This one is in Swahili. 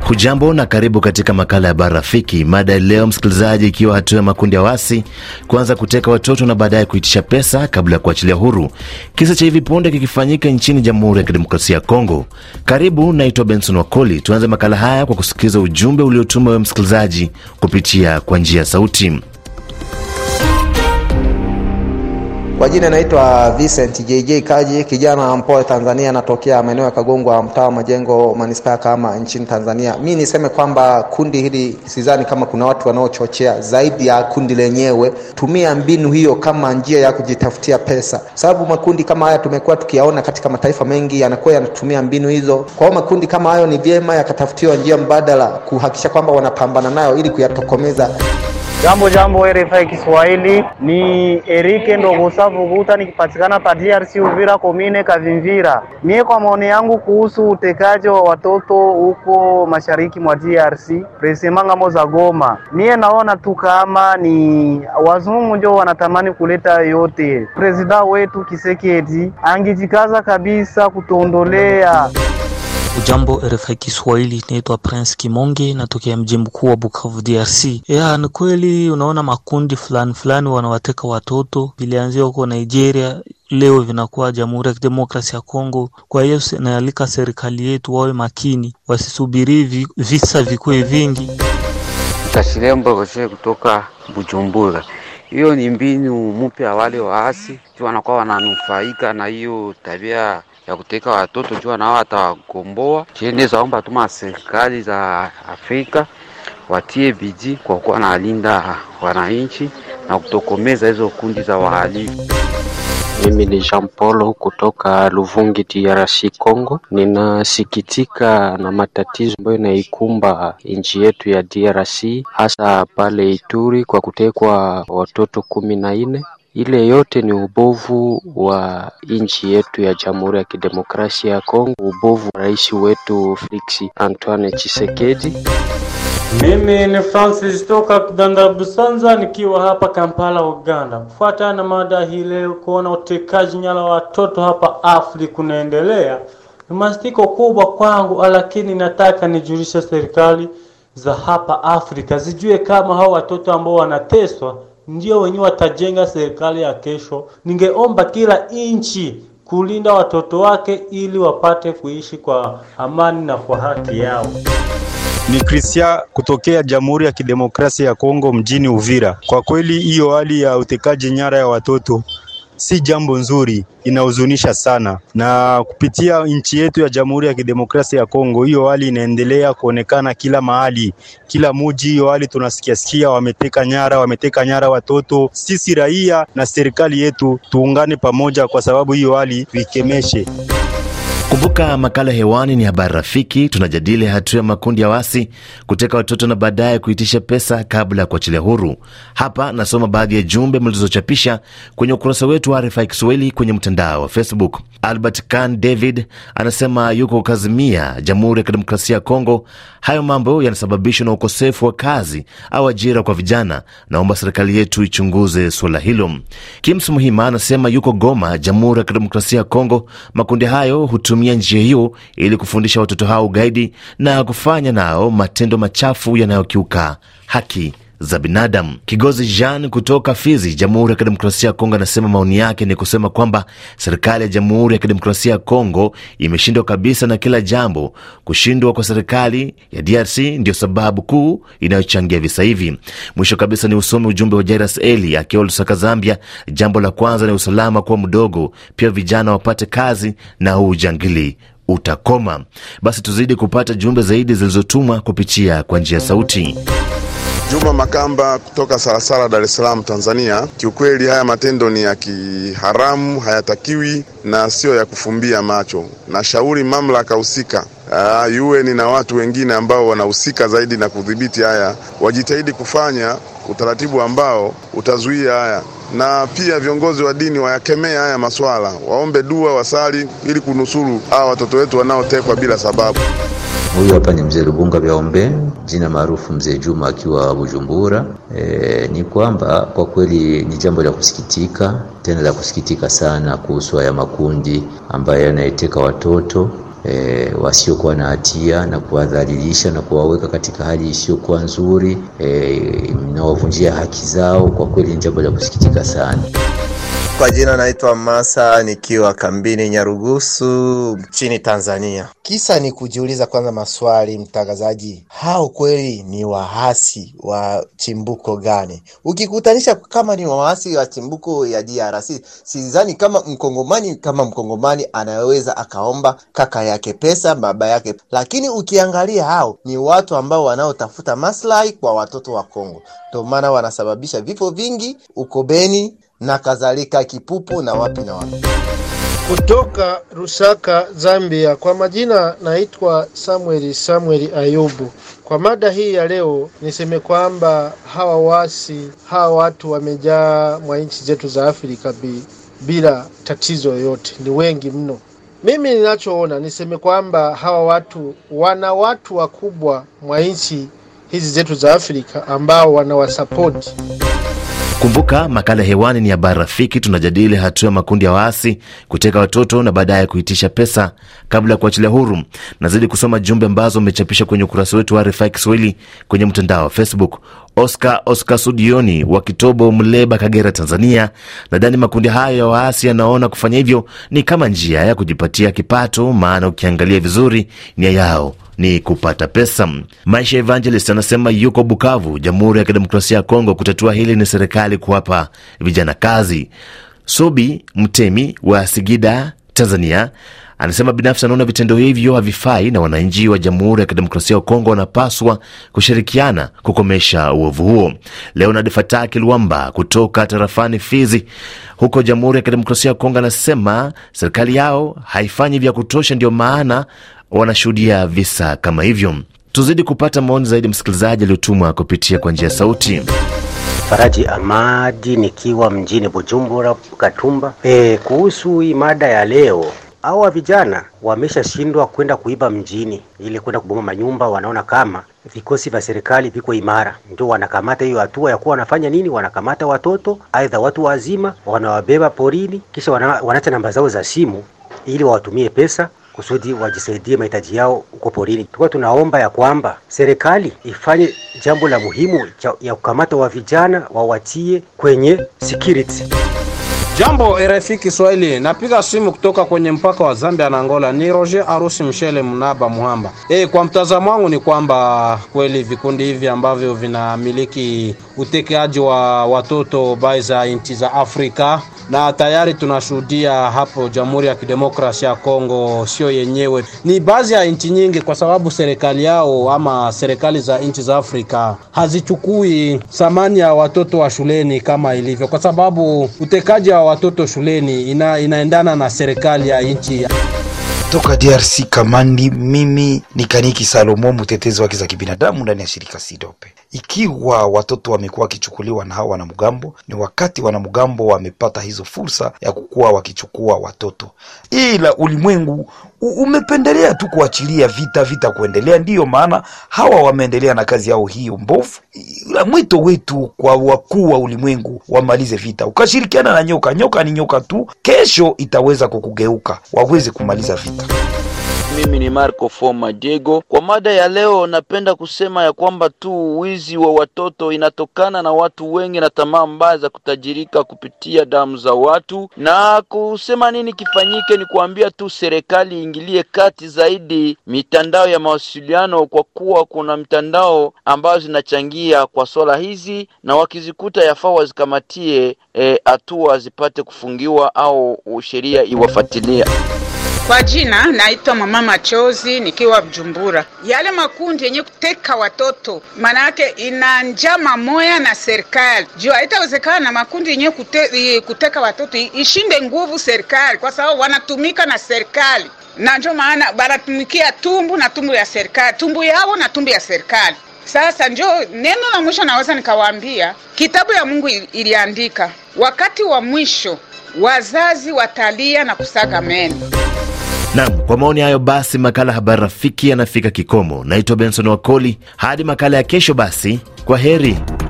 Hujambo na karibu katika makala ya bara rafiki. Mada leo msikilizaji, ikiwa hatua ya makundi ya wasi kuanza kuteka watoto na baadaye kuitisha pesa kabla ya kuachilia huru, kisa cha hivi punde kikifanyika nchini Jamhuri ya Kidemokrasia ya Kongo. Karibu, naitwa Benson Wakoli. Tuanze makala haya kwa kusikiliza ujumbe uliotuma wewe msikilizaji kupitia kwa njia ya sauti. Kwa jina naitwa Vincent JJ Kaji, kijana mpoa Tanzania, natokea maeneo ya Kagongwa, mtaa wa Majengo, manispaa kama nchini Tanzania. Mi niseme kwamba kundi hili sidhani kama kuna watu wanaochochea zaidi ya kundi lenyewe. Tumia mbinu hiyo kama njia ya kujitafutia pesa, sababu makundi kama haya tumekuwa tukiyaona katika mataifa mengi, yanakuwa yanatumia mbinu hizo. Kwa hiyo makundi kama hayo ni vyema yakatafutiwa njia mbadala kuhakikisha kwamba wanapambana nayo ili kuyatokomeza. Jambo jambo, RFI Kiswahili, ni Erike Ndogosavuguta nikipatikana pa DRC Uvira komine Kavimvira. Mie kwa maoni yangu kuhusu utekaji wa watoto huko mashariki mwa DRC presema ngambo za Goma, mie naona tu kama ni wazungu ndio wanatamani kuleta yote. Presida wetu Kisekedi angijikaza kabisa kutuondolea Jambo RFI Kiswahili, naitwa Prince Kimonge, natokea mji mkuu wa Bukavu, DRC. Ya, ni kweli unaona makundi fulani fulani wanawateka watoto, vilianzia huko Nigeria, leo vinakuwa Jamhuri ya Kidemokrasia ya Kongo. Kwa hiyo naalika serikali yetu wawe makini, wasisubiri visa vikuwe vingi. Tashirembo oshe kutoka Bujumbura. Hiyo ni mbinu mpya, wale waasi wanakuwa wananufaika na hiyo tabia ya kuteka watoto jua nao watakomboa chini. Zaomba tuma serikali za Afrika watie bidii kwa kuwa wanalinda wananchi na kutokomeza hizo kundi za wahalifu. Mimi ni Jean Paul kutoka Luvungi, DRC Congo. Ninasikitika na matatizo ambayo inaikumba nchi yetu ya DRC, hasa pale Ituri kwa kutekwa watoto kumi na nne ile yote ni ubovu wa nchi yetu ya Jamhuri ya Kidemokrasia ya Kongo, ubovu wa rais wetu Felix Antoine Tshisekedi. Mimi ni Francis toka Kidanda Busanza nikiwa hapa Kampala, Uganda. Kufuatana na mada hii leo, kuona utekaji nyara wa watoto hapa Afrika kunaendelea ni mastiko kubwa kwangu, lakini nataka nijulishe serikali za hapa Afrika zijue kama hao watoto ambao wanateswa ndio wenyewe watajenga serikali ya kesho. Ningeomba kila inchi kulinda watoto wake ili wapate kuishi kwa amani na kwa haki yao. Ni kristia kutokea Jamhuri ya Kidemokrasia ya Kongo mjini Uvira. Kwa kweli hiyo hali ya utekaji nyara ya watoto si jambo nzuri, inahuzunisha sana. Na kupitia nchi yetu ya Jamhuri ya Kidemokrasia ya Kongo, hiyo hali inaendelea kuonekana kila mahali, kila muji, hiyo hali tunasikia sikia, wameteka nyara, wameteka nyara watoto. Sisi raia na serikali yetu tuungane pamoja, kwa sababu hiyo hali tuikemeshe. Kumbuka makala hewani ni habari rafiki. Tunajadili hatua ya makundi ya wasi kuteka watoto na baadaye kuitisha pesa kabla ya kuachilia huru. Hapa nasoma baadhi ya jumbe mlizochapisha kwenye ukurasa wetu wa RFI Kiswahili kwenye mtandao wa Facebook. Albert kan David anasema yuko Kazimia, Jamhuri ya Kidemokrasia ya Kongo. Hayo mambo yanasababishwa na ukosefu wa kazi au ajira kwa vijana. Naomba serikali yetu ichunguze suala hilo. Kims Muhima anasema yuko Goma, Jamhuri ya Kidemokrasia ya Kongo. Makundi hayo hutumia njia hiyo ili kufundisha watoto hao ugaidi na kufanya nao matendo machafu yanayokiuka haki za binadamu. Kigozi Jean kutoka Fizi, Jamhuri ya Kidemokrasia ya Kongo, anasema maoni yake ni kusema kwamba serikali ya Jamhuri ya Kidemokrasia ya Kongo imeshindwa kabisa na kila jambo. Kushindwa kwa serikali ya DRC ndio sababu kuu inayochangia visa hivi. Mwisho kabisa ni usomi ujumbe wa Jairus Eli akiwa Lusaka, Zambia. Jambo la kwanza ni usalama kuwa mdogo, pia vijana wapate kazi na huu ujangili utakoma. Basi tuzidi kupata jumbe zaidi zilizotumwa kupitia kwa njia sauti. Juma Makamba kutoka Sarasara, Dar es Salaam, Tanzania. Kiukweli haya matendo ni ya kiharamu, hayatakiwi na siyo ya kufumbia macho. Nashauri mamlaka husika uh, ni na watu wengine ambao wanahusika zaidi na kudhibiti haya wajitahidi kufanya utaratibu ambao utazuia haya na pia viongozi wa dini wayakemea haya maswala, waombe dua, wasali ili kunusuru hawa watoto wetu wanaotekwa bila sababu. Huyu hapa ni mzee Lubunga Vyaombe, jina maarufu mzee Juma, akiwa Bujumbura. E, ni kwamba kwa kweli ni jambo la kusikitika, tena la kusikitika sana, kuhusu haya makundi ambayo yanayeteka watoto e, wasiokuwa na hatia na kuwadhalilisha na kuwaweka katika hali isiyokuwa nzuri e, na wavunjia haki zao. Kwa kweli ni jambo la kusikitika sana. Kwa jina naitwa Masa nikiwa kambini Nyarugusu nchini Tanzania. Kisa ni kujiuliza kwanza maswali, mtangazaji, hao kweli ni waasi wa chimbuko gani? Ukikutanisha kama ni waasi wa chimbuko ya DRC, sidhani kama mkongomani kama mkongomani anaweza akaomba kaka yake pesa, baba yake, lakini ukiangalia hao ni watu ambao wanaotafuta maslahi kwa watoto wa Kongo, ndio maana wanasababisha vifo vingi uko Beni na kadhalika, Kipupu na wapi na wapi. Kutoka rusaka Zambia. Kwa majina naitwa Samueli Samueli Ayubu. Kwa mada hii ya leo niseme kwamba hawa wasi hawa watu wamejaa mwa nchi zetu za Afrika bi, bila tatizo yoyote, ni wengi mno. Mimi ninachoona niseme kwamba hawa watu wana watu wakubwa mwa nchi hizi zetu za Afrika ambao wanawasapoti Kumbuka makala hewani ni habari rafiki. Tunajadili hatua ya makundi ya waasi kuteka watoto na baadaye kuitisha pesa kabla ya kuachilia huru. Nazidi kusoma jumbe ambazo umechapisha kwenye ukurasa wetu wa RFI Kiswahili kwenye mtandao wa Facebook. Oscar Oscar Sudioni wa Kitobo, Mleba, Kagera, Tanzania, nadhani makundi hayo ya waasi yanaona kufanya hivyo ni kama njia ya kujipatia kipato, maana ukiangalia vizuri nia yao ni kupata pesa. Maisha Evangelist anasema yuko Bukavu, Jamhuri ya Kidemokrasia ya Kongo. Kutatua hili ni serikali kuwapa vijana kazi. Sobi Mtemi wa Sigida, Tanzania anasema binafsi anaona vitendo hivyo havifai na wananchi wa Jamhuri ya Kidemokrasia ya Kongo wanapaswa kushirikiana kukomesha uovu huo. Leonard Fataki Luamba kutoka tarafani Fizi huko Jamhuri ya Kidemokrasia ya Kongo anasema serikali yao haifanyi vya kutosha, ndio maana wanashuhudia visa kama hivyo. Tuzidi kupata maoni zaidi, msikilizaji aliyotumwa kupitia kwa njia ya sauti. Faraji Amadi nikiwa mjini Bujumbura Katumba. E, kuhusu hii mada ya leo, hawa vijana wameshashindwa kwenda kuiba mjini ili kwenda kuboma manyumba. Wanaona kama vikosi vya serikali viko imara, ndio wanakamata hiyo hatua ya kuwa wanafanya nini, wanakamata watoto aidha watu wazima, wanawabeba porini, kisha wanaacha namba zao za simu ili wawatumie pesa kusudi wajisaidie mahitaji yao huko porini. Tulikuwa tunaomba ya kwamba serikali ifanye jambo la muhimu ya kukamata wa vijana wawatie kwenye security. Jambo RFI Kiswahili, napiga simu kutoka kwenye mpaka wa Zambia na Angola. Ni Roger Arusi Mshele Mnaba Muhamba. E, kwa mtazamo wangu ni kwamba kweli vikundi hivi ambavyo vinamiliki utekeaji wa watoto bai za nchi za Afrika, na tayari tunashuhudia hapo Jamhuri ya Kidemokrasia ya Kongo, sio yenyewe, ni baadhi ya nchi nyingi, kwa sababu serikali yao ama serikali za nchi za Afrika hazichukui thamani ya watoto wa shuleni kama ilivyo, kwa sababu utekaji wa watoto shuleni ina, inaendana na serikali ya nchi toka DRC Kamandi. Mimi ni Kaniki Salomo, mtetezi wa haki za kibinadamu ndani ya shirika Sidope. Ikiwa watoto wamekuwa wakichukuliwa na hawa wanamgambo, ni wakati wanamgambo wamepata hizo fursa ya kukuwa wakichukua watoto, ila ulimwengu umependelea tu kuachilia vita vita kuendelea. Ndiyo maana hawa wameendelea na kazi yao hiyo mbovu. La mwito wetu kwa wakuu wa ulimwengu, wamalize vita. Ukashirikiana na nyoka, nyoka ni nyoka tu, kesho itaweza kukugeuka. Waweze kumaliza vita. Mimi ni Marco Foma Diego. Kwa mada ya leo, napenda kusema ya kwamba tu wizi wa watoto inatokana na watu wengi na tamaa mbaya za kutajirika kupitia damu za watu. Na kusema nini kifanyike, ni kuambia tu serikali iingilie kati zaidi mitandao ya mawasiliano, kwa kuwa kuna mitandao ambazo zinachangia kwa swala hizi, na wakizikuta yafaa wazikamatie eh, hatua e, zipate kufungiwa au sheria iwafatilia. Kwa jina naitwa Mama Machozi nikiwa mjumbura Yale makundi yenye kuteka watoto, maana yake ina njama moya na serikali juu haitawezekana, na makundi yenye kute, kuteka watoto ishinde nguvu serikali, kwa sababu wanatumika na serikali, na ndio maana wanatumikia tumbu na tumbu ya serikali, tumbu yao na tumbu ya serikali. Sasa njo neno la mwisho naweza nikawaambia, kitabu ya Mungu iliandika wakati wa mwisho wazazi watalia na kusaga meno. Nam, kwa maoni hayo basi, makala Habari Rafiki yanafika kikomo. Naitwa Benson Wakoli, hadi makala ya kesho. Basi kwa heri.